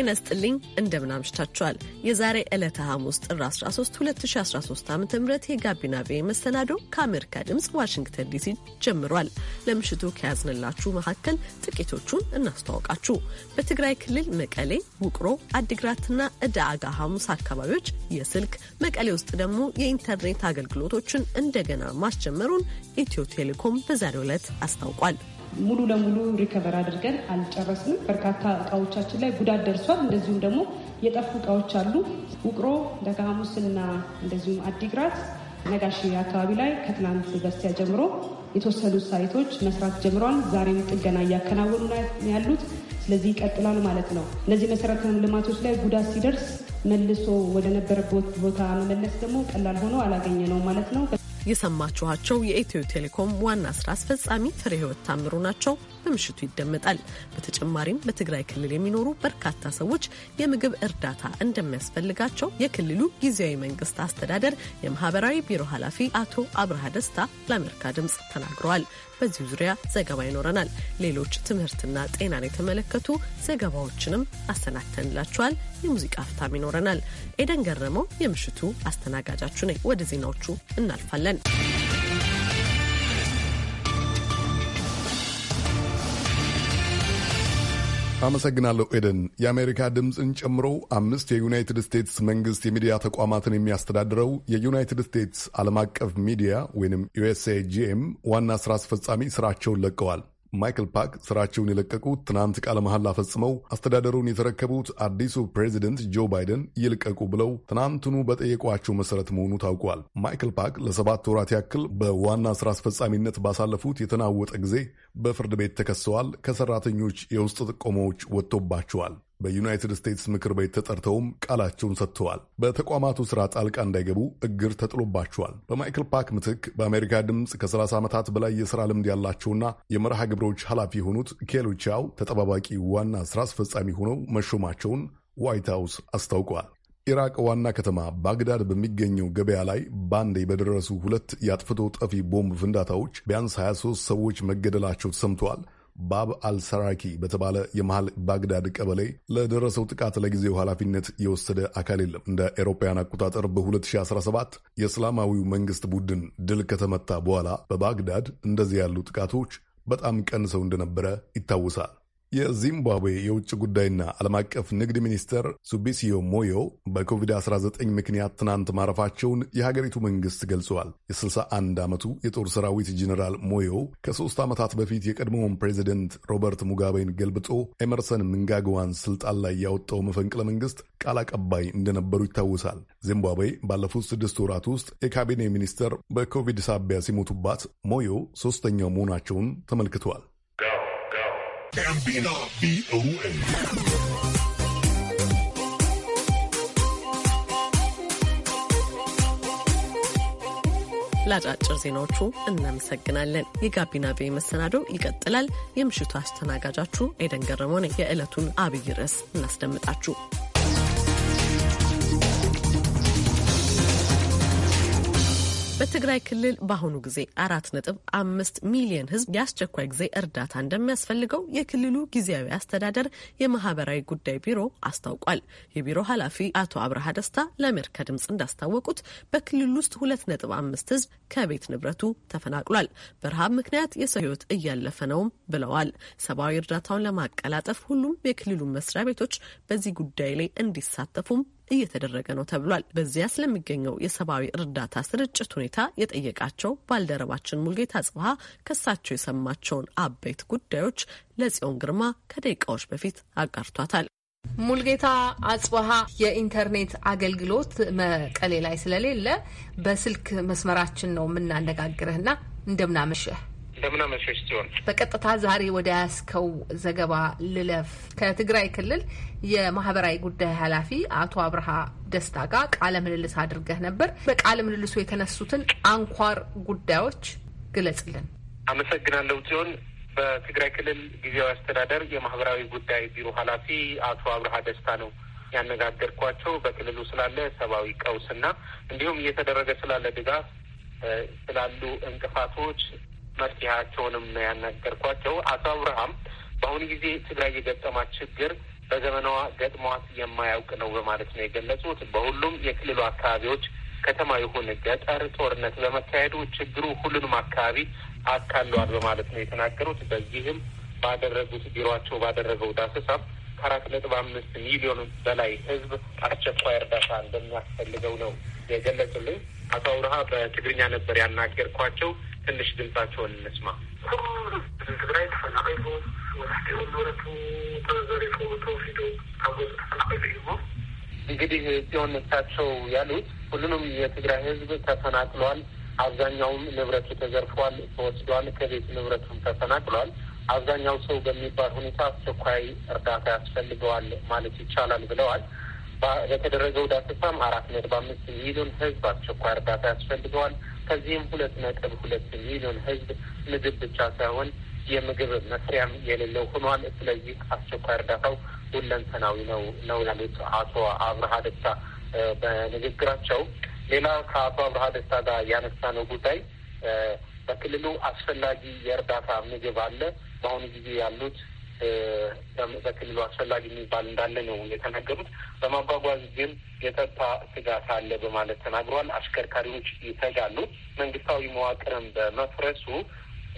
ጤና ስጥልኝ እንደምን አምሽታችኋል። የዛሬ ዕለተ ሐሙስ ጥር 13 2013 ዓ ም የጋቢና ቤ መሰናዶ ከአሜሪካ ድምፅ ዋሽንግተን ዲሲ ጀምሯል። ለምሽቱ ከያዝንላችሁ መካከል ጥቂቶቹን እናስተዋውቃችሁ። በትግራይ ክልል መቀሌ፣ ውቅሮ፣ አዲግራትና እዳአጋ ሐሙስ አካባቢዎች የስልክ መቀሌ ውስጥ ደግሞ የኢንተርኔት አገልግሎቶችን እንደገና ማስጀመሩን ኢትዮ ቴሌኮም በዛሬው ዕለት አስታውቋል። ሙሉ ለሙሉ ሪከቨር አድርገን አልጨረስንም። በርካታ እቃዎቻችን ላይ ጉዳት ደርሷል። እንደዚሁም ደግሞ የጠፉ እቃዎች አሉ። ውቅሮ፣ እና እንደዚሁም አዲግራት፣ ነጋሽ አካባቢ ላይ ከትናንት በስቲያ ጀምሮ የተወሰኑ ሳይቶች መስራት ጀምረዋል። ዛሬም ጥገና እያከናወኑ ያሉት ስለዚህ ይቀጥላል ማለት ነው። እነዚህ መሰረተ ልማቶች ላይ ጉዳት ሲደርስ መልሶ ወደ ነበረበት ቦታ መመለስ ደግሞ ቀላል ሆኖ አላገኘ ነው ማለት ነው። የሰማችኋቸው የኢትዮ ቴሌኮም ዋና ስራ አስፈጻሚ ፍሬ ህይወት ታምሩ ናቸው። በምሽቱ ይደመጣል። በተጨማሪም በትግራይ ክልል የሚኖሩ በርካታ ሰዎች የምግብ እርዳታ እንደሚያስፈልጋቸው የክልሉ ጊዜያዊ መንግስት አስተዳደር የማህበራዊ ቢሮ ኃላፊ አቶ አብርሃ ደስታ ለአሜሪካ ድምፅ ተናግረዋል። በዚሁ ዙሪያ ዘገባ ይኖረናል። ሌሎች ትምህርትና ጤናን የተመለከቱ ዘገባዎችንም አሰናድተንላችኋል። የሙዚቃ ፍታም ይኖረናል። ኤደን ገረመው የምሽቱ አስተናጋጃችሁ ነኝ። ወደ ዜናዎቹ እናልፋለን። አመሰግናለሁ ኤደን። የአሜሪካ ድምፅን ጨምሮ አምስት የዩናይትድ ስቴትስ መንግስት የሚዲያ ተቋማትን የሚያስተዳድረው የዩናይትድ ስቴትስ ዓለም አቀፍ ሚዲያ ወይም ዩኤስኤጂኤም ዋና ስራ አስፈጻሚ ስራቸውን ለቀዋል። ማይክል ፓክ ስራቸውን የለቀቁት ትናንት ቃለ መሐላ ፈጽመው አስተዳደሩን የተረከቡት አዲሱ ፕሬዚደንት ጆ ባይደን ይልቀቁ ብለው ትናንትኑ በጠየቋቸው መሰረት መሆኑ ታውቋል። ማይክል ፓክ ለሰባት ወራት ያክል በዋና ስራ አስፈጻሚነት ባሳለፉት የተናወጠ ጊዜ በፍርድ ቤት ተከሰዋል። ከሰራተኞች የውስጥ ጥቆማዎች ወጥቶባቸዋል። በዩናይትድ ስቴትስ ምክር ቤት ተጠርተውም ቃላቸውን ሰጥተዋል። በተቋማቱ ስራ ጣልቃ እንዳይገቡ እግር ተጥሎባቸዋል። በማይክል ፓክ ምትክ በአሜሪካ ድምፅ ከ30 ዓመታት በላይ የሥራ ልምድ ያላቸውና የመርሃ ግብሮች ኃላፊ የሆኑት ኬሎ ቻው ተጠባባቂ ዋና ሥራ አስፈጻሚ ሆነው መሾማቸውን ዋይት ሃውስ አስታውቋል። ኢራቅ ዋና ከተማ ባግዳድ በሚገኘው ገበያ ላይ በአንዴ በደረሱ ሁለት የአጥፍቶ ጠፊ ቦምብ ፍንዳታዎች ቢያንስ 23 ሰዎች መገደላቸው ተሰምተዋል። ባብ አልሰራኪ በተባለ የመሃል ባግዳድ ቀበሌ ለደረሰው ጥቃት ለጊዜው ኃላፊነት የወሰደ አካል የለም። እንደ ኤሮፓውያን አቆጣጠር በ2017 የእስላማዊው መንግስት ቡድን ድል ከተመታ በኋላ በባግዳድ እንደዚህ ያሉ ጥቃቶች በጣም ቀንሰው እንደነበረ ይታወሳል። የዚምባብዌ የውጭ ጉዳይና ዓለም አቀፍ ንግድ ሚኒስተር ሱቢሲዮ ሞዮ በኮቪድ-19 ምክንያት ትናንት ማረፋቸውን የሀገሪቱ መንግስት ገልጸዋል። የ61 ዓመቱ የጦር ሰራዊት ጀኔራል ሞዮ ከሦስት ዓመታት በፊት የቀድሞውን ፕሬዚደንት ሮበርት ሙጋቤን ገልብጦ ኤመርሰን ምንጋግዋን ስልጣን ላይ ያወጣው መፈንቅለ መንግሥት ቃል አቀባይ እንደነበሩ ይታወሳል። ዚምባብዌ ባለፉት ስድስት ወራት ውስጥ የካቢኔ ሚኒስተር በኮቪድ ሳቢያ ሲሞቱባት ሞዮ ሦስተኛው መሆናቸውን ተመልክተዋል። ለአጫጭር ዜናዎቹ እናመሰግናለን። የጋቢና ቤ መሰናዶው ይቀጥላል። የምሽቱ አስተናጋጃችሁ ኤደን ገረመ ነኝ። የዕለቱን አብይ ርዕስ እናስደምጣችሁ። በትግራይ ክልል በአሁኑ ጊዜ አራት ነጥብ አምስት ሚሊየን ህዝብ የአስቸኳይ ጊዜ እርዳታ እንደሚያስፈልገው የክልሉ ጊዜያዊ አስተዳደር የማህበራዊ ጉዳይ ቢሮ አስታውቋል። የቢሮ ኃላፊ አቶ አብርሃ ደስታ ለአሜሪካ ድምጽ እንዳስታወቁት በክልሉ ውስጥ ሁለት ነጥብ አምስት ህዝብ ከቤት ንብረቱ ተፈናቅሏል። በረሃብ ምክንያት የሰው ሕይወት እያለፈ ነውም ብለዋል። ሰብአዊ እርዳታውን ለማቀላጠፍ ሁሉም የክልሉ መስሪያ ቤቶች በዚህ ጉዳይ ላይ እንዲሳተፉም እየተደረገ ነው ተብሏል። በዚያ ስለሚገኘው የሰብአዊ እርዳታ ስርጭት ሁኔታ የጠየቃቸው ባልደረባችን ሙልጌታ ጽብሃ ከሳቸው የሰማቸውን አበይት ጉዳዮች ለጽዮን ግርማ ከደቂቃዎች በፊት አጋርቷታል። ሙልጌታ አጽበሀ የኢንተርኔት አገልግሎት መቀሌ ላይ ስለሌለ በስልክ መስመራችን ነው የምናነጋግርህና እንደምናመሸህ እንደምን ሲሆን በቀጥታ ዛሬ ወደ ያስከው ዘገባ ልለፍ። ከትግራይ ክልል የማህበራዊ ጉዳይ ኃላፊ አቶ አብርሃ ደስታ ጋር ቃለ ምልልስ አድርገህ ነበር። በቃለ ምልልሱ የተነሱትን አንኳር ጉዳዮች ግለጽልን። አመሰግናለሁ ሲሆን በትግራይ ክልል ጊዜያዊ አስተዳደር የማህበራዊ ጉዳይ ቢሮ ኃላፊ አቶ አብርሃ ደስታ ነው ያነጋገርኳቸው። በክልሉ ስላለ ሰብአዊ ቀውስና እንዲሁም እየተደረገ ስላለ ድጋፍ ስላሉ እንቅፋቶች መፍትሄያቸውንም ነው ያናገርኳቸው። አቶ አብርሃም በአሁኑ ጊዜ ትግራይ የገጠማት ችግር በዘመናዋ ገጥሟት የማያውቅ ነው በማለት ነው የገለጹት። በሁሉም የክልሉ አካባቢዎች ከተማ ይሁን ገጠር ጦርነት በመካሄዱ ችግሩ ሁሉንም አካባቢ አካሏል በማለት ነው የተናገሩት። በዚህም ባደረጉት ቢሮቸው ባደረገው ዳሰሳ ከአራት ነጥብ አምስት ሚሊዮን በላይ ህዝብ አስቸኳይ እርዳታ እንደሚያስፈልገው ነው የገለጹልኝ። አቶ አውርሃ በትግርኛ ነበር ያናገርኳቸው። ትንሽ ድምጻቸውን እንስማ። ትግራይ ተፈናቂሉ መብዛሕትኡ ንብረቱ ተዘሪፉ ተወሲዱ ካብ ገጹ ተፈናቂሉ እዩ ሞ እንግዲህ ጽዮን እሳቸው ያሉት ሁሉንም የትግራይ ሕዝብ ተፈናቅሏል። አብዛኛውም ንብረቱ ተዘርፏል፣ ተወስዷል፣ ከቤት ንብረቱም ተፈናቅሏል። አብዛኛው ሰው በሚባል ሁኔታ አስቸኳይ እርዳታ ያስፈልገዋል ማለት ይቻላል ብለዋል። በተደረገው ዳሰሳም አራት ነጥብ አምስት ሚሊዮን ሕዝብ አስቸኳይ እርዳታ ያስፈልገዋል ከዚህም ሁለት ነጥብ ሁለት ሚሊዮን ህዝብ ምግብ ብቻ ሳይሆን የምግብ መስሪያም የሌለው ሆኗል። ስለዚህ አስቸኳይ እርዳታው ሁለንተናዊ ነው ነው ያሉት አቶ አብርሃ ደስታ በንግግራቸው። ሌላ ከአቶ አብርሃ ደስታ ጋር ያነሳ ነው ጉዳይ በክልሉ አስፈላጊ የእርዳታ ምግብ አለ። በአሁኑ ጊዜ ያሉት በክልሉ አስፈላጊ የሚባል እንዳለ ነው የተናገሩት። በማጓጓዝ ግን የጸጥታ ስጋት አለ በማለት ተናግሯል። አሽከርካሪዎች ይሰጋሉ። መንግስታዊ መዋቅርን በመፍረሱ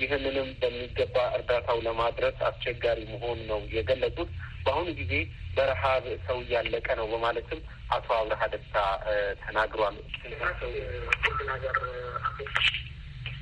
ይህንንም በሚገባ እርዳታው ለማድረስ አስቸጋሪ መሆን ነው የገለጹት። በአሁኑ ጊዜ በረሀብ ሰው እያለቀ ነው በማለትም አቶ አብርሃ ደስታ ተናግሯል።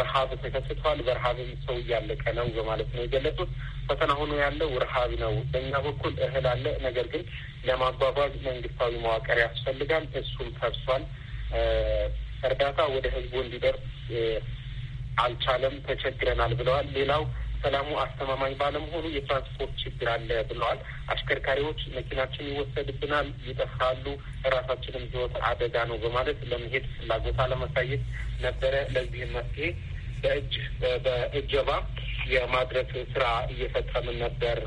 ረሀብ ተከስቷል። በረሀብም ሰው እያለቀ ነው በማለት ነው የገለጹት። ፈተና ሆኖ ያለው ረሀብ ነው። በእኛ በኩል እህል አለ፣ ነገር ግን ለማጓጓዝ መንግስታዊ መዋቅር ያስፈልጋል። እሱም ተብሷል። እርዳታ ወደ ህዝቡ እንዲደርስ አልቻለም፣ ተቸግረናል ብለዋል። ሌላው ሰላሙ አስተማማኝ ባለመሆኑ የትራንስፖርት ችግር አለ ብለዋል። አሽከርካሪዎች መኪናችን ይወሰድብናል፣ ይጠፋሉ፣ ራሳችንም ሕይወት አደጋ ነው በማለት ለመሄድ ፍላጎት ለመሳየት ነበረ። ለዚህም መፍትሄ በእጅ በእጀባ የማድረግ ስራ እየፈጸምን ነበር።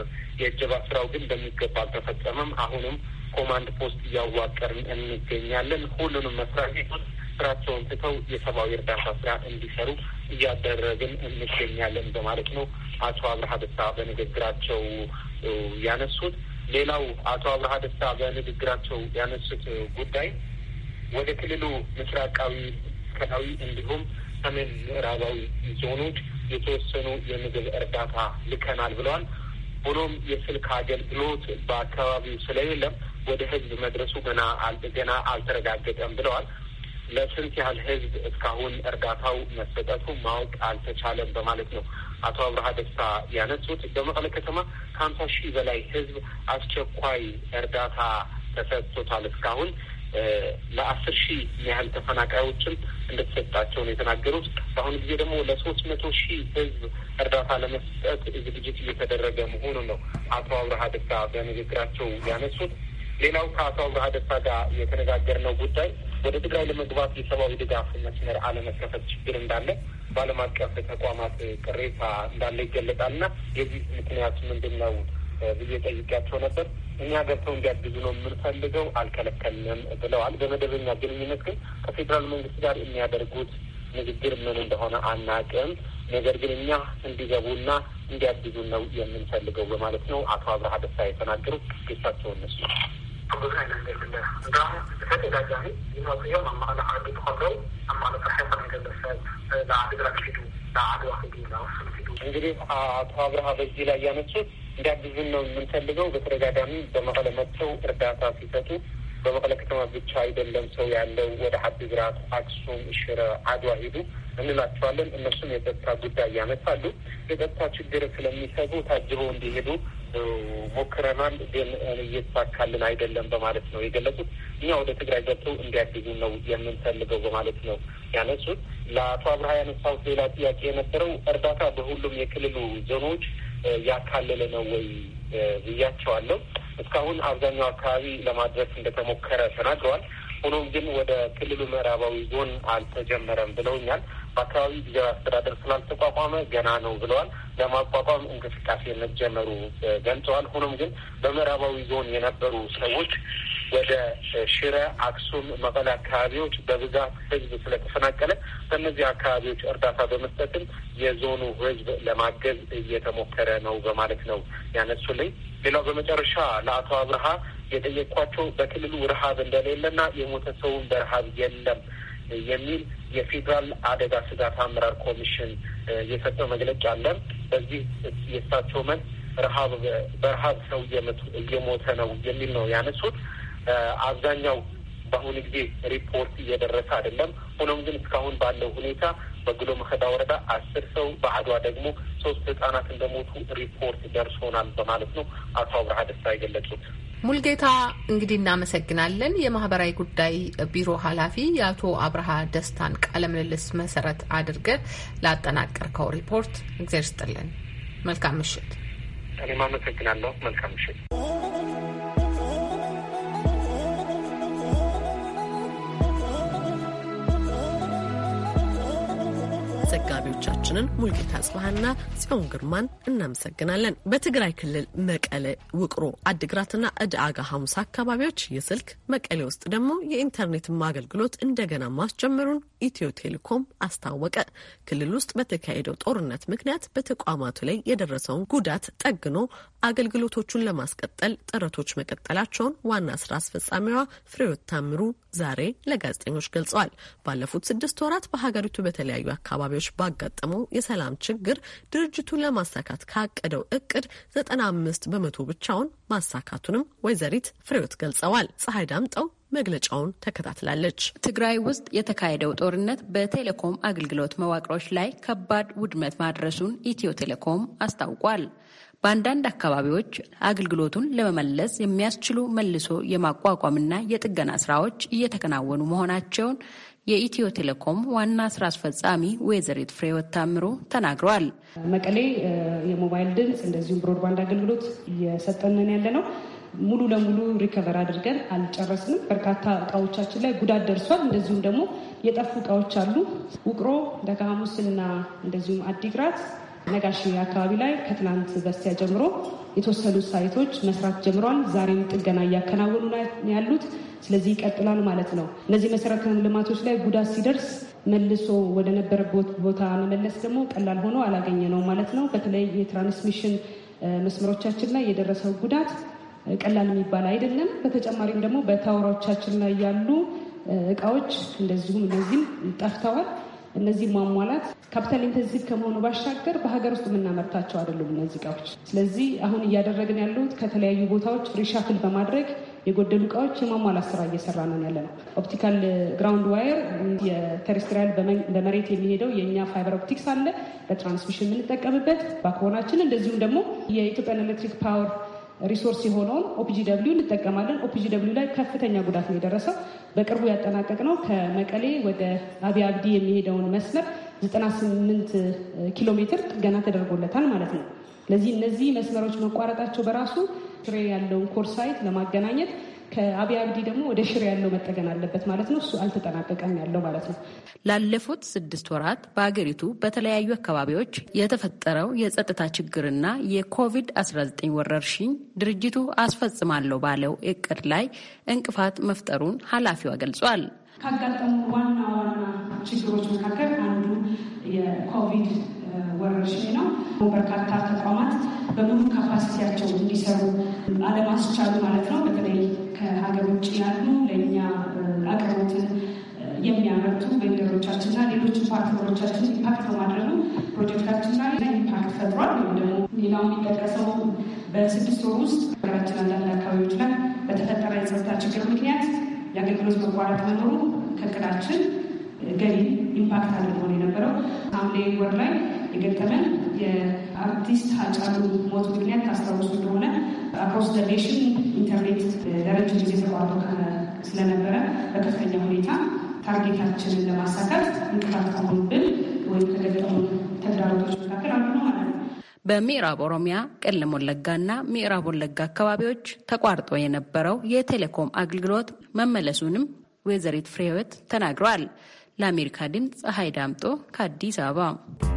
የእጀባ ስራው ግን በሚገባ አልተፈጸመም። አሁንም ኮማንድ ፖስት እያዋቀርን እንገኛለን። ሁሉንም መስሪያ ቤቶች ስራቸውን ትተው የሰብአዊ እርዳታ ስራ እንዲሰሩ እያደረግን እንገኛለን በማለት ነው አቶ አብርሃ ደስታ በንግግራቸው ያነሱት። ሌላው አቶ አብርሃ ደስታ በንግግራቸው ያነሱት ጉዳይ ወደ ክልሉ ምስራቃዊ፣ ማዕከላዊ እንዲሁም ሰሜን ምዕራባዊ ዞኖች የተወሰኑ የምግብ እርዳታ ልከናል ብለዋል። ሆኖም የስልክ አገልግሎት በአካባቢው ስለሌለም ወደ ህዝብ መድረሱ ገና ገና አልተረጋገጠም ብለዋል። ለስንት ያህል ህዝብ እስካሁን እርዳታው መሰጠቱ ማወቅ አልተቻለም በማለት ነው አቶ አብርሃ ደስታ ያነሱት። በመቀለ ከተማ ከሀምሳ ሺህ በላይ ህዝብ አስቸኳይ እርዳታ ተሰጥቶታል። እስካሁን ለአስር ሺህ ያህል ተፈናቃዮችም እንደተሰጣቸው ነው የተናገሩት። በአሁኑ ጊዜ ደግሞ ለሶስት መቶ ሺህ ህዝብ እርዳታ ለመስጠት ዝግጅት እየተደረገ መሆኑ ነው አቶ አብርሃ ደስታ በንግግራቸው ያነሱት። ሌላው ከአቶ አብርሃ ደስታ ጋር የተነጋገርነው ጉዳይ ወደ ትግራይ ለመግባት የሰብአዊ ድጋፍ መስመር አለመከፈት ችግር እንዳለ በዓለም አቀፍ ተቋማት ቅሬታ እንዳለ ይገለጣል እና የዚህ ምክንያቱ ምንድን ነው ብዬ ጠይቄያቸው ነበር። እኛ ገብተው እንዲያግዙ ነው የምንፈልገው፣ አልከለከልንም ብለዋል። በመደበኛ ግንኙነት ግን ከፌዴራል መንግስት ጋር የሚያደርጉት ንግግር ምን እንደሆነ አናውቅም። ነገር ግን እኛ እንዲገቡና እንዲያግዙ ነው የምንፈልገው በማለት ነው አቶ አብርሃ ደስታ የተናገሩት። ግሳቸውን እነሱ ነው። እንግዲህ አቶ አብርሃ በዚህ ላይ ያነሱት እንዲያግዙን ነው የምንፈልገው። በተደጋጋሚ በመቀለ መጥተው እርዳታ ሲሰጡ በመቀለ ከተማ ብቻ አይደለም ሰው ያለው ወደ አዲግራት፣ አክሱም፣ ሽረ፣ አድዋ ሂዱ እንላቸዋለን። እነሱም የጸጥታ ጉዳይ ያነሳሉ። የጸጥታ ችግር ስለሚሰጉ ታጅበው እንዲሄዱ ሞክረናል፣ ግን እየተሳካልን አይደለም በማለት ነው የገለጹት። እኛ ወደ ትግራይ ገብቶ እንዲያግዙ ነው የምንፈልገው በማለት ነው ያነሱት። ለአቶ አብርሃ ያነሳሁት ሌላ ጥያቄ የነበረው እርዳታ በሁሉም የክልሉ ዞኖች ያካለለ ነው ወይ ብያቸዋለሁ። እስካሁን አብዛኛው አካባቢ ለማድረስ እንደተሞከረ ተናግረዋል። ሆኖም ግን ወደ ክልሉ ምዕራባዊ ዞን አልተጀመረም ብለውኛል። በአካባቢ ጊዜያዊ አስተዳደር ስላልተቋቋመ ገና ነው ብለዋል። ለማቋቋም እንቅስቃሴ መጀመሩ ገልጸዋል። ሆኖም ግን በምዕራባዊ ዞን የነበሩ ሰዎች ወደ ሽረ፣ አክሱም፣ መቀለ አካባቢዎች በብዛት ህዝብ ስለተፈናቀለ በእነዚህ አካባቢዎች እርዳታ በመስጠትም የዞኑ ህዝብ ለማገዝ እየተሞከረ ነው በማለት ነው ያነሱልኝ። ሌላው በመጨረሻ ለአቶ አብርሃ የጠየቅኳቸው በክልሉ ረሀብ እንደሌለና የሞተ ሰውን በረሀብ የለም የሚል የፌዴራል አደጋ ስጋት አመራር ኮሚሽን የሰጠው መግለጫ አለን። በዚህ የእሳቸው መልስ ረሀብ በረሀብ ሰው እየሞተ ነው የሚል ነው ያነሱት። አብዛኛው በአሁኑ ጊዜ ሪፖርት እየደረሰ አይደለም። ሆኖም ግን እስካሁን ባለው ሁኔታ በግሎ መከዳ ወረዳ አስር ሰው በአድዋ ደግሞ ሶስት ህጻናት እንደሞቱ ሪፖርት ደርሶናል በማለት ነው አቶ አብርሃ ደስታ የገለጹት። ሙልጌታ እንግዲህ እናመሰግናለን። የማህበራዊ ጉዳይ ቢሮ ኃላፊ የአቶ አብርሃ ደስታን ቃለ ምልልስ መሰረት አድርገ ላጠናቀርከው ሪፖርት እግዚአብሔር ስጥልን። መልካም ምሽት። እኔም አመሰግናለሁ። መልካም ምሽት። ዘጋቢዎቻችንን ሙልጌታ ጽባህና ጽዮን ግርማን እናመሰግናለን። በትግራይ ክልል መቀሌ፣ ውቅሮ፣ አድግራትና እድአጋ ሐሙስ አካባቢዎች የስልክ መቀሌ ውስጥ ደግሞ የኢንተርኔት አገልግሎት እንደገና ማስጀመሩን ኢትዮ ቴሌኮም አስታወቀ። ክልል ውስጥ በተካሄደው ጦርነት ምክንያት በተቋማቱ ላይ የደረሰውን ጉዳት ጠግኖ አገልግሎቶቹን ለማስቀጠል ጥረቶች መቀጠላቸውን ዋና ስራ አስፈጻሚዋ ፍሬሕይወት ታምሩ ዛሬ ለጋዜጠኞች ገልጸዋል። ባለፉት ስድስት ወራት በሀገሪቱ በተለያዩ አካባቢዎች ባጋጠመው የሰላም ችግር ድርጅቱ ለማሳካት ካቀደው እቅድ ዘጠና አምስት በመቶ ብቻውን ማሳካቱንም ወይዘሪት ፍሬዎት ገልጸዋል። ፀሐይ ዳምጠው መግለጫውን ተከታትላለች። ትግራይ ውስጥ የተካሄደው ጦርነት በቴሌኮም አገልግሎት መዋቅሮች ላይ ከባድ ውድመት ማድረሱን ኢትዮ ቴሌኮም አስታውቋል። በአንዳንድ አካባቢዎች አገልግሎቱን ለመመለስ የሚያስችሉ መልሶ የማቋቋምና የጥገና ስራዎች እየተከናወኑ መሆናቸውን የኢትዮ ቴሌኮም ዋና ስራ አስፈጻሚ ወይዘሪት ፍሬወት ታምሮ ተናግረዋል። መቀሌ የሞባይል ድምፅ እንደዚሁም ብሮድባንድ አገልግሎት እየሰጠንን ያለ ነው። ሙሉ ለሙሉ ሪከቨር አድርገን አልጨረስንም። በርካታ እቃዎቻችን ላይ ጉዳት ደርሷል። እንደዚሁም ደግሞ የጠፉ እቃዎች አሉ። ውቅሮ፣ ደጋ ሐሙስና እንደዚሁም አዲግራት ነጋሽ አካባቢ ላይ ከትናንት በስቲያ ጀምሮ የተወሰኑ ሳይቶች መስራት ጀምሯል። ዛሬም ጥገና እያከናወኑ ያሉት ስለዚህ ይቀጥላል ማለት ነው። እነዚህ መሰረተ ልማቶች ላይ ጉዳት ሲደርስ መልሶ ወደ ነበረበት ቦታ መመለስ ደግሞ ቀላል ሆኖ አላገኘ ነው ማለት ነው። በተለይ የትራንስሚሽን መስመሮቻችን ላይ የደረሰው ጉዳት ቀላል የሚባል አይደለም። በተጨማሪም ደግሞ በታወራዎቻችን ላይ ያሉ እቃዎች እንደዚሁም እነዚህም ጠፍተዋል። እነዚህ ማሟላት ካፒታል ኢንቴንሲቭ ከመሆኑ ባሻገር በሀገር ውስጥ የምናመርታቸው አይደሉም እነዚህ እቃዎች። ስለዚህ አሁን እያደረግን ያሉት ከተለያዩ ቦታዎች ሪሻፍል በማድረግ የጎደሉ እቃዎች የማሟላት ስራ እየሰራ ነው ያለ ነው። ኦፕቲካል ግራውንድ ዋየር የተሬስትሪያል በመሬት የሚሄደው የእኛ ፋይበር ኦፕቲክስ አለ ለትራንስሚሽን የምንጠቀምበት ባክቦናችን፣ እንደዚሁም ደግሞ የኢትዮጵያን ኤሌክትሪክ ፓወር ሪሶርስ የሆነውን ኦፒጂ ደብሊው እንጠቀማለን። ኦፒጂ ደብሊው ላይ ከፍተኛ ጉዳት ነው የደረሰው። በቅርቡ ያጠናቀቅ ነው ከመቀሌ ወደ አቢ አብዲ የሚሄደውን መስመር 98 ኪሎ ሜትር ጥገና ተደርጎለታል ማለት ነው። ለዚህ እነዚህ መስመሮች መቋረጣቸው በራሱ ትሬ ያለውን ኮርሳይት ለማገናኘት ከአብይ አብዲ ደግሞ ወደ ሽሬ ያለው መጠገን አለበት ማለት ነው። እሱ አልተጠናቀቀም ያለው ማለት ነው። ላለፉት ስድስት ወራት በአገሪቱ በተለያዩ አካባቢዎች የተፈጠረው የጸጥታ ችግርና የኮቪድ-19 ወረርሽኝ ድርጅቱ አስፈጽማለሁ ባለው እቅድ ላይ እንቅፋት መፍጠሩን ኃላፊዋ ገልጿል። ካጋጠሙ ዋና ዋና ችግሮች መካከል አንዱ የኮቪድ ወረርሽኝ ነው። በርካታ ተቋማት በሙሉ ካፓሲቲያቸው እንዲሰሩ አለማስቻሉ ማለት ነው። በተለይ ከሀገር ውጭ ያሉ ለእኛ አቅርቦትን የሚያመርቱ ቬንደሮቻችንና ሌሎች ፓርትነሮቻችን ኢምፓክት በማድረጉ ፕሮጀክታችን ላይ ኢምፓክት ፈጥሯል። ወይም ደግሞ ሌላው የሚጠቀሰው በስድስት ወር ውስጥ ሀገራችን አንዳንድ አካባቢዎች ላይ በተፈጠረ የጸጥታ ችግር ምክንያት የአገልግሎት መቋረጥ መኖሩ ከእቅዳችን ገቢ ኢምፓክት አድርጎን የነበረው ሐምሌ ወር ላይ የገጠመን የአርቲስት ሀጫሉ ሞት ምክንያት ታስታውሱ እንደሆነ አክሮስ ዘ ኔሽን ኢንተርኔት ለረጅም ጊዜ ተቋርጦ ስለነበረ በከፍተኛ ሁኔታ ታርጌታችንን ለማሳካት እንቅፋት ከሆኑብን ወይም ከገጠሙ ተግዳሮቶች መካከል አንዱ ነው ማለት ነው። በምዕራብ ኦሮሚያ ቄለም ወለጋና ምዕራብ ወለጋ አካባቢዎች ተቋርጦ የነበረው የቴሌኮም አገልግሎት መመለሱንም ወይዘሪት ፍሬህይወት ተናግረዋል። ለአሜሪካ ድምፅ ፀሐይ ዳምጦ ከአዲስ አበባ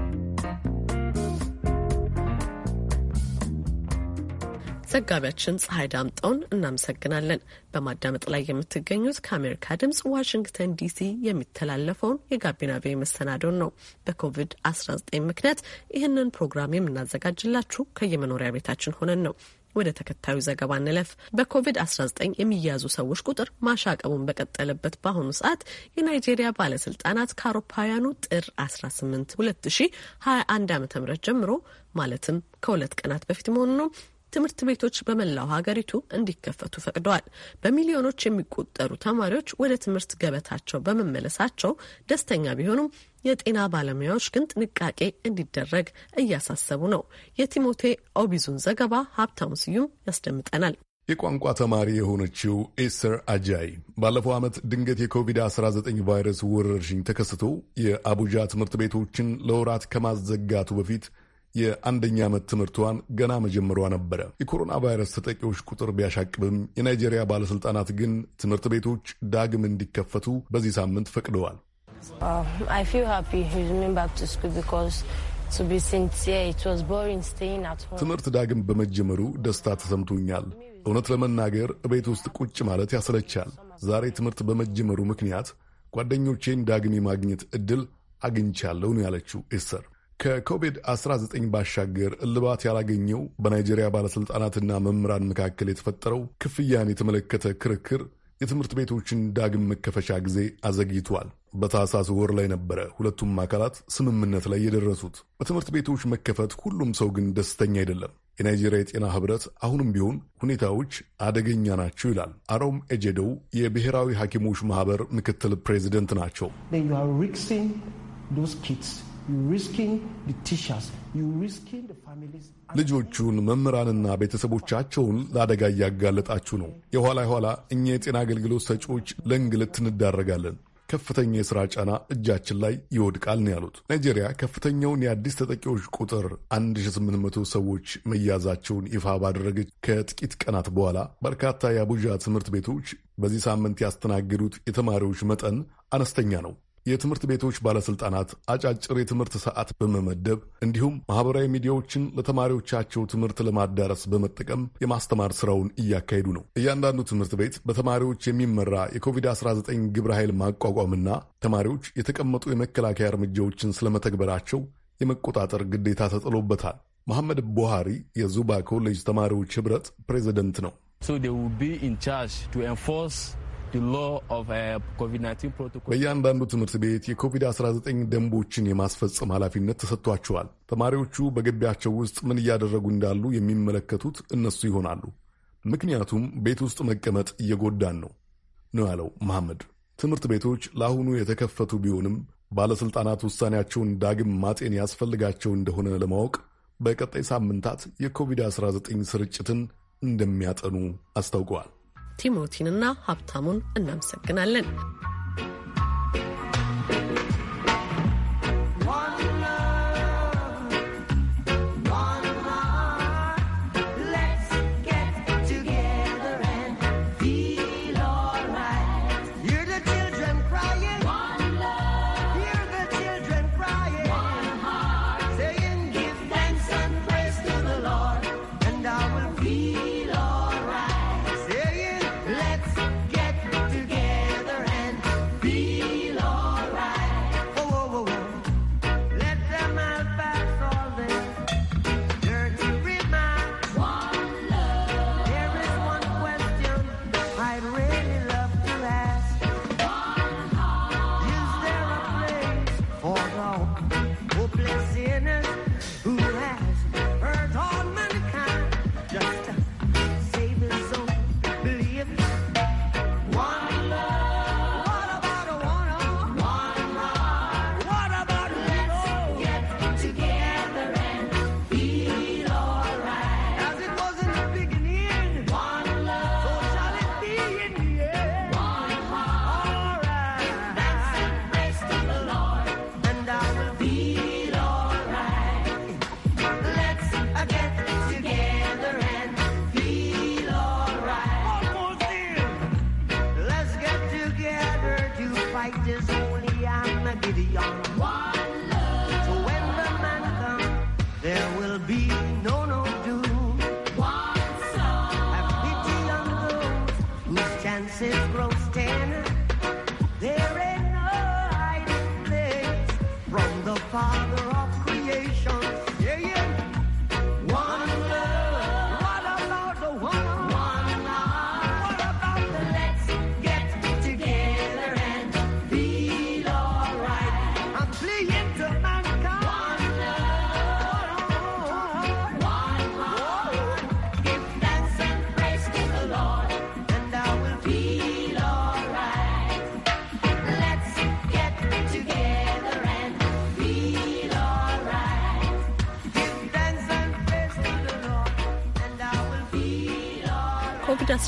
ዘጋቢያችን ፀሐይ ዳምጠውን እናመሰግናለን። በማዳመጥ ላይ የምትገኙት ከአሜሪካ ድምጽ ዋሽንግተን ዲሲ የሚተላለፈውን የጋቢና ቪ መሰናዶን ነው። በኮቪድ-19 ምክንያት ይህንን ፕሮግራም የምናዘጋጅላችሁ ከየመኖሪያ ቤታችን ሆነን ነው። ወደ ተከታዩ ዘገባ እንለፍ። በኮቪድ-19 የሚያዙ ሰዎች ቁጥር ማሻቀቡን በቀጠለበት በአሁኑ ሰዓት የናይጄሪያ ባለስልጣናት ከአውሮፓውያኑ ጥር 18 2021 ዓ ም ጀምሮ ማለትም ከሁለት ቀናት በፊት መሆኑ ነው ትምህርት ቤቶች በመላው ሀገሪቱ እንዲከፈቱ ፈቅደዋል። በሚሊዮኖች የሚቆጠሩ ተማሪዎች ወደ ትምህርት ገበታቸው በመመለሳቸው ደስተኛ ቢሆኑም የጤና ባለሙያዎች ግን ጥንቃቄ እንዲደረግ እያሳሰቡ ነው። የቲሞቴ ኦቢዙን ዘገባ ሀብታሙ ስዩም ያስደምጠናል። የቋንቋ ተማሪ የሆነችው ኤስተር አጃይ ባለፈው ዓመት ድንገት የኮቪድ-19 ቫይረስ ወረርሽኝ ተከስቶ የአቡጃ ትምህርት ቤቶችን ለወራት ከማዘጋቱ በፊት የአንደኛ ዓመት ትምህርቷን ገና መጀመሯ ነበረ። የኮሮና ቫይረስ ተጠቂዎች ቁጥር ቢያሻቅብም የናይጄሪያ ባለሥልጣናት ግን ትምህርት ቤቶች ዳግም እንዲከፈቱ በዚህ ሳምንት ፈቅደዋል። um, ትምህርት ዳግም በመጀመሩ ደስታ ተሰምቶኛል። እውነት ለመናገር ቤት ውስጥ ቁጭ ማለት ያሰለቻል። ዛሬ ትምህርት በመጀመሩ ምክንያት ጓደኞቼን ዳግም የማግኘት ዕድል አግኝቻለሁ ነው ያለችው ኤስተር። ከኮቪድ-19 ባሻገር እልባት ያላገኘው በናይጄሪያ ባለሥልጣናትና መምህራን መካከል የተፈጠረው ክፍያን የተመለከተ ክርክር የትምህርት ቤቶችን ዳግም መከፈቻ ጊዜ አዘግይቷል። በታህሳስ ወር ላይ ነበረ ሁለቱም አካላት ስምምነት ላይ የደረሱት። በትምህርት ቤቶች መከፈት ሁሉም ሰው ግን ደስተኛ አይደለም። የናይጄሪያ የጤና ህብረት አሁንም ቢሆን ሁኔታዎች አደገኛ ናቸው ይላል። አሮም ኤጀዶው የብሔራዊ ሐኪሞች ማህበር ምክትል ፕሬዚደንት ናቸው። ልጆቹን መምህራንና ቤተሰቦቻቸውን ለአደጋ እያጋለጣችሁ ነው። የኋላ የኋላ እኛ የጤና አገልግሎት ሰጪዎች ለእንግልት እንዳረጋለን። ከፍተኛ የሥራ ጫና እጃችን ላይ ይወድቃል ነው ያሉት። ናይጄሪያ ከፍተኛውን የአዲስ ተጠቂዎች ቁጥር 1800 ሰዎች መያዛቸውን ይፋ ባደረገች ከጥቂት ቀናት በኋላ በርካታ የአቡጃ ትምህርት ቤቶች በዚህ ሳምንት ያስተናገዱት የተማሪዎች መጠን አነስተኛ ነው። የትምህርት ቤቶች ባለስልጣናት አጫጭር የትምህርት ሰዓት በመመደብ እንዲሁም ማህበራዊ ሚዲያዎችን ለተማሪዎቻቸው ትምህርት ለማዳረስ በመጠቀም የማስተማር ስራውን እያካሄዱ ነው። እያንዳንዱ ትምህርት ቤት በተማሪዎች የሚመራ የኮቪድ-19 ግብረ ኃይል ማቋቋምና ተማሪዎች የተቀመጡ የመከላከያ እርምጃዎችን ስለመተግበራቸው የመቆጣጠር ግዴታ ተጥሎበታል። መሐመድ ቡሃሪ የዙባ ኮሌጅ ተማሪዎች ህብረት ፕሬዚደንት ነው። Uh, በእያንዳንዱ ትምህርት ቤት የኮቪድ-19 ደንቦችን የማስፈጸም ኃላፊነት ተሰጥቷቸዋል። ተማሪዎቹ በግቢያቸው ውስጥ ምን እያደረጉ እንዳሉ የሚመለከቱት እነሱ ይሆናሉ። ምክንያቱም ቤት ውስጥ መቀመጥ እየጎዳን ነው ነው ያለው መሐመድ። ትምህርት ቤቶች ለአሁኑ የተከፈቱ ቢሆንም ባለሥልጣናት ውሳኔያቸውን ዳግም ማጤን ያስፈልጋቸው እንደሆነ ለማወቅ በቀጣይ ሳምንታት የኮቪድ-19 ስርጭትን እንደሚያጠኑ አስታውቀዋል። ቲሞቲንና ሀብታሙን እናመሰግናለን። Mrs. Grossden. There ain't no hiding place from the Father.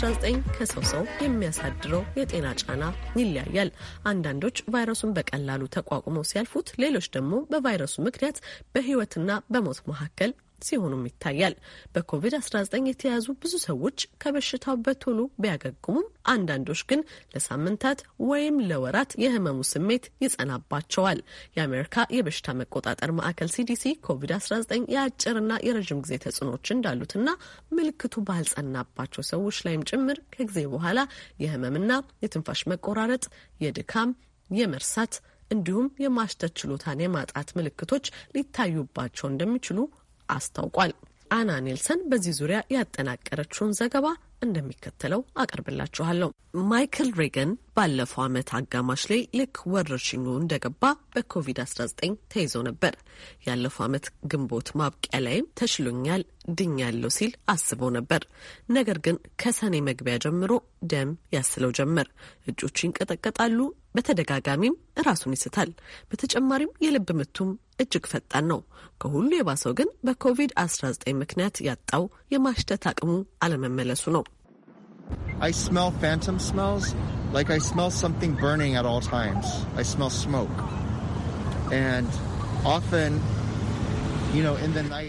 19 ከሰው ሰው የሚያሳድረው የጤና ጫና ይለያያል። አንዳንዶች ቫይረሱን በቀላሉ ተቋቁመው ሲያልፉት፣ ሌሎች ደግሞ በቫይረሱ ምክንያት በህይወትና በሞት መካከል ሲሆኑም ይታያል። በኮቪድ-19 የተያዙ ብዙ ሰዎች ከበሽታው በቶሎ ቢያገግሙም አንዳንዶች ግን ለሳምንታት ወይም ለወራት የህመሙ ስሜት ይጸናባቸዋል። የአሜሪካ የበሽታ መቆጣጠር ማዕከል ሲዲሲ ኮቪድ-19 የአጭርና የረዥም ጊዜ ተጽዕኖዎች እንዳሉትና ምልክቱ ባልጸናባቸው ሰዎች ላይም ጭምር ከጊዜ በኋላ የህመምና የትንፋሽ መቆራረጥ፣ የድካም፣ የመርሳት እንዲሁም የማሽተት ችሎታን የማጣት ምልክቶች ሊታዩባቸው እንደሚችሉ አስታውቋል። አና ኔልሰን በዚህ ዙሪያ ያጠናቀረችውን ዘገባ እንደሚከተለው አቀርብላችኋለሁ። ማይክል ሬገን ባለፈው ዓመት አጋማሽ ላይ ልክ ወረርሽኙ እንደገባ በኮቪድ-19 ተይዘው ነበር። ያለፈው ዓመት ግንቦት ማብቂያ ላይም ተችሎኛል ድኛለሁ ሲል አስበው ነበር። ነገር ግን ከሰኔ መግቢያ ጀምሮ ደም ያስለው ጀመር። እጆቹ ይንቀጠቀጣሉ። በተደጋጋሚም ራሱን ይስታል። በተጨማሪም የልብ ምቱም እጅግ ፈጣን ነው። ከሁሉ የባሰው ግን በኮቪድ-19 ምክንያት ያጣው የማሽተት አቅሙ አለመመለሱ ነው። ፋንቶም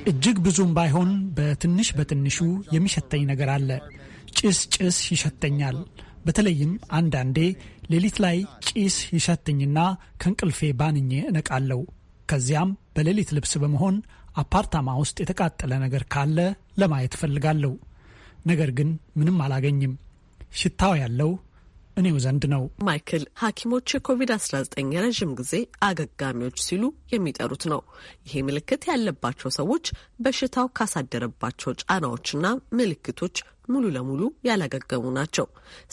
እጅግ ብዙም ባይሆን በትንሽ በትንሹ የሚሸተኝ ነገር አለ። ጭስ ጭስ ይሸተኛል። በተለይም አንዳንዴ ሌሊት ላይ ጭስ ይሸተኝና ከእንቅልፌ ባንኜ እነቃለሁ። ከዚያም በሌሊት ልብስ በመሆን አፓርታማ ውስጥ የተቃጠለ ነገር ካለ ለማየት እፈልጋለሁ። ነገር ግን ምንም አላገኝም። ሽታው ያለው እኔው ዘንድ ነው። ማይክል ሐኪሞች የኮቪድ-19 የረዥም ጊዜ አገጋሚዎች ሲሉ የሚጠሩት ነው። ይሄ ምልክት ያለባቸው ሰዎች በሽታው ካሳደረባቸው ጫናዎችና ምልክቶች ሙሉ ለሙሉ ያላገገሙ ናቸው።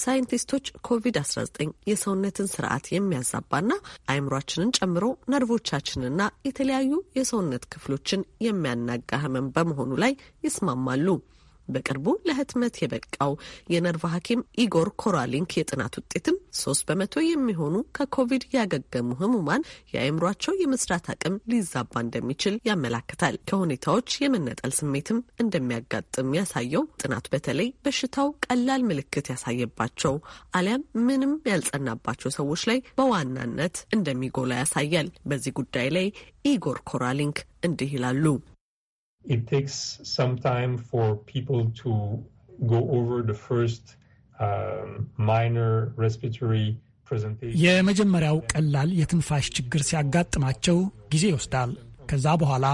ሳይንቲስቶች ኮቪድ-19 የሰውነትን ስርዓት የሚያዛባና አይምሯችንን ጨምሮ ነርቮቻችንና የተለያዩ የሰውነት ክፍሎችን የሚያናጋ ህመም በመሆኑ ላይ ይስማማሉ። በቅርቡ ለህትመት የበቃው የነርቭ ሐኪም ኢጎር ኮራሊንክ የጥናት ውጤትም ሶስት በመቶ የሚሆኑ ከኮቪድ ያገገሙ ህሙማን የአእምሯቸው የመስራት አቅም ሊዛባ እንደሚችል ያመላክታል። ከሁኔታዎች የመነጠል ስሜትም እንደሚያጋጥም ያሳየው ጥናት በተለይ በሽታው ቀላል ምልክት ያሳየባቸው አሊያም ምንም ያልጸናባቸው ሰዎች ላይ በዋናነት እንደሚጎላ ያሳያል። በዚህ ጉዳይ ላይ ኢጎር ኮራሊንክ እንዲህ ይላሉ። it takes some time for people to go over the first um, minor respiratory የመጀመሪያው ቀላል የትንፋሽ ችግር ሲያጋጥማቸው ጊዜ ይወስዳል። ከዛ በኋላ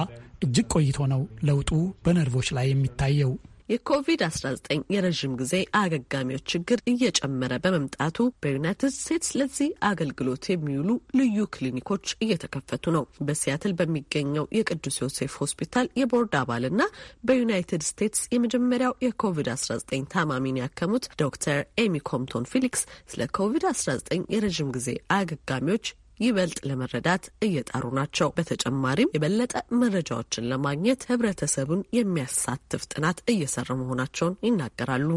እጅግ ቆይቶ ነው ለውጡ በነርቮች ላይ የሚታየው። የኮቪድ-19 የረዥም ጊዜ አገጋሚዎች ችግር እየጨመረ በመምጣቱ በዩናይትድ ስቴትስ ለዚህ አገልግሎት የሚውሉ ልዩ ክሊኒኮች እየተከፈቱ ነው። በሲያትል በሚገኘው የቅዱስ ዮሴፍ ሆስፒታል የቦርድ አባል እና በዩናይትድ ስቴትስ የመጀመሪያው የኮቪድ-19 ታማሚን ያከሙት ዶክተር ኤሚ ኮምቶን ፊሊክስ ስለ ኮቪድ-19 የረዥም ጊዜ አገጋሚዎች ይበልጥ ለመረዳት እየጣሩ ናቸው። በተጨማሪም የበለጠ መረጃዎችን ለማግኘት ህብረተሰቡን የሚያሳትፍ ጥናት እየሰሩ መሆናቸውን ይናገራሉ።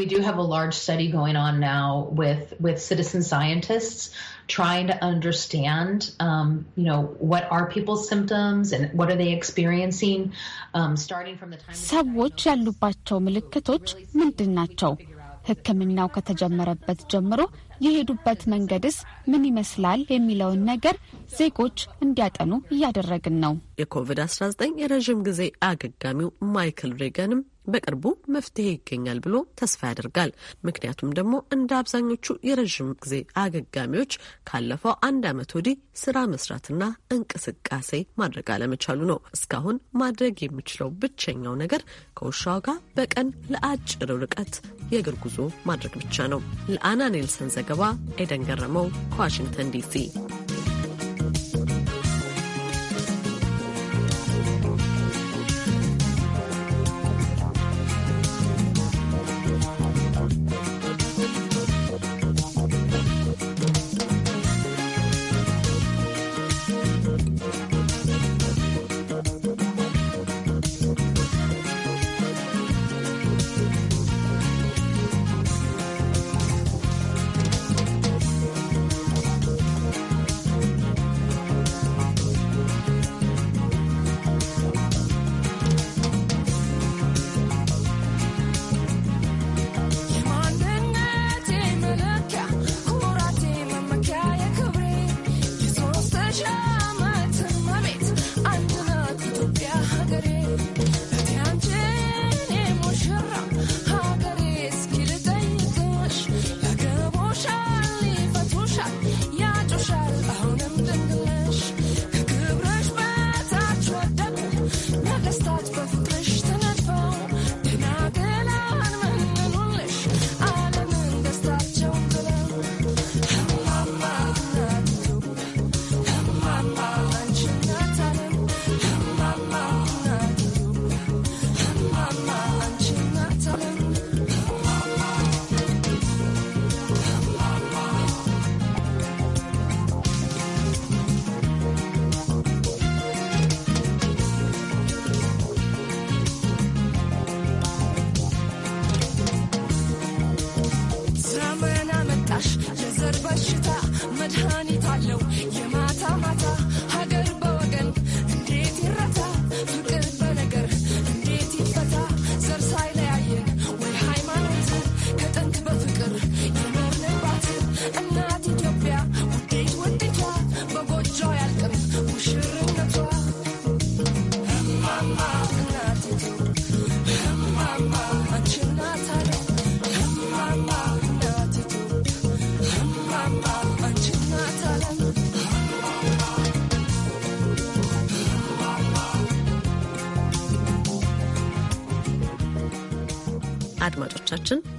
We do have a large study going on now with, with citizen scientists trying to understand, um, you know, what are people's symptoms and what are they experiencing, um, starting from the time... ሰዎች ያሉባቸው ምልክቶች ምንድን ናቸው? ሕክምናው ከተጀመረበት ጀምሮ የሄዱበት መንገድስ ምን ይመስላል የሚለውን ነገር ዜጎች እንዲያጠኑ እያደረግን ነው። የኮቪድ-19 የረዥም ጊዜ አገጋሚው ማይክል ሬገንም በቅርቡ መፍትሄ ይገኛል ብሎ ተስፋ ያደርጋል። ምክንያቱም ደግሞ እንደ አብዛኞቹ የረዥም ጊዜ አገጋሚዎች ካለፈው አንድ ዓመት ወዲህ ስራ መስራትና እንቅስቃሴ ማድረግ አለመቻሉ ነው። እስካሁን ማድረግ የሚችለው ብቸኛው ነገር ከውሻው ጋር በቀን ለአጭር ርቀት የእግር ጉዞ ማድረግ ብቻ ነው። ለአና ኔልሰን ዘገባ ኤደን ገረመው ዋሽንግተን ዲሲ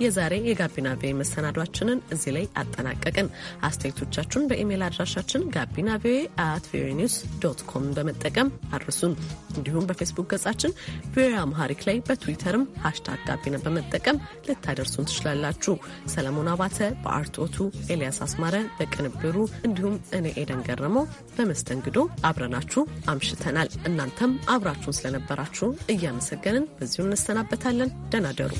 የዛሬ የጋቢና ቪኦኤ መሰናዷችንን እዚህ ላይ አጠናቀቅን። አስተያየቶቻችሁን በኢሜይል አድራሻችን ጋቢና ቪኦኤ አት ቪኦኤ ኒውስ ዶት ኮም በመጠቀም አድርሱን። እንዲሁም በፌስቡክ ገጻችን ቪኦኤ አምሃሪክ ላይ በትዊተርም ሃሽታግ ጋቢና በመጠቀም ልታደርሱን ትችላላችሁ። ሰለሞን አባተ በአርቶቱ፣ ኤልያስ አስማረ በቅንብሩ እንዲሁም እኔ ኤደን ገረመው በመስተንግዶ አብረናችሁ አምሽተናል። እናንተም አብራችሁን ስለነበራችሁ እያመሰገንን በዚሁ እንሰናበታለን። ደህና ደሩ።